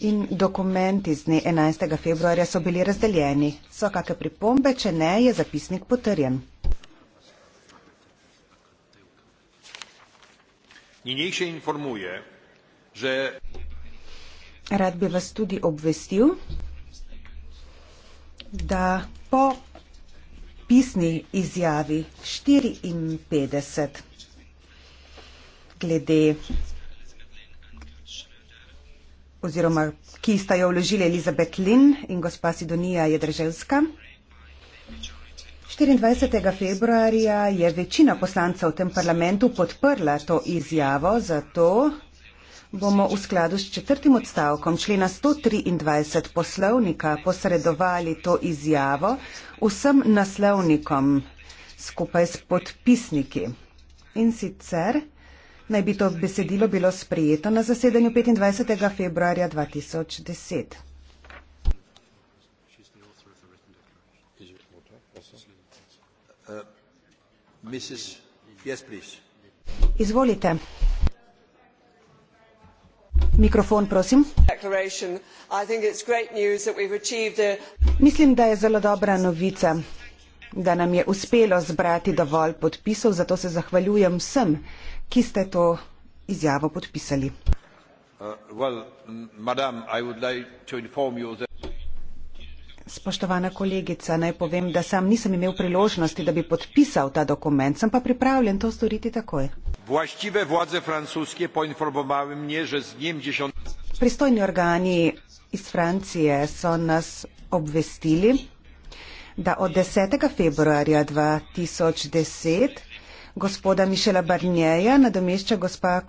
In dokumenti z dne 11. februarja so bili razdeljeni. So kakšne pripombe, če ne, je zapisnik potrjen. Ninejše informuje, že. Rad bi vas tudi obvestil, da po pisni izjavi 54 glede oziroma ki sta jo vložili Elizabet Lin in gospa Sidonija Jedrževska. 24. februarja je večina poslancev v tem parlamentu podprla to izjavo, zato bomo v skladu s četrtim odstavkom člena 123 poslovnika posredovali to izjavo vsem naslovnikom skupaj s podpisniki. In sicer Naj bi to besedilo bilo sprejeto na zasedanju 25. februarja 2010. Uh, Izvolite. Mikrofon, prosim. Mislim, da je zelo dobra novica da nam je uspelo zbrati dovolj podpisov, zato se zahvaljujem vsem, ki ste to izjavo podpisali. Uh, well, madam, like Spoštovana kolegica, naj povem, da sam nisem imel priložnosti, da bi podpisal ta dokument, sem pa pripravljen to storiti takoj. Mnie, dziesiąt... Pristojni organi iz Francije so nas obvestili, da od 10. februarja 2010 gospoda Mišela Barnjeja nadomešča gospa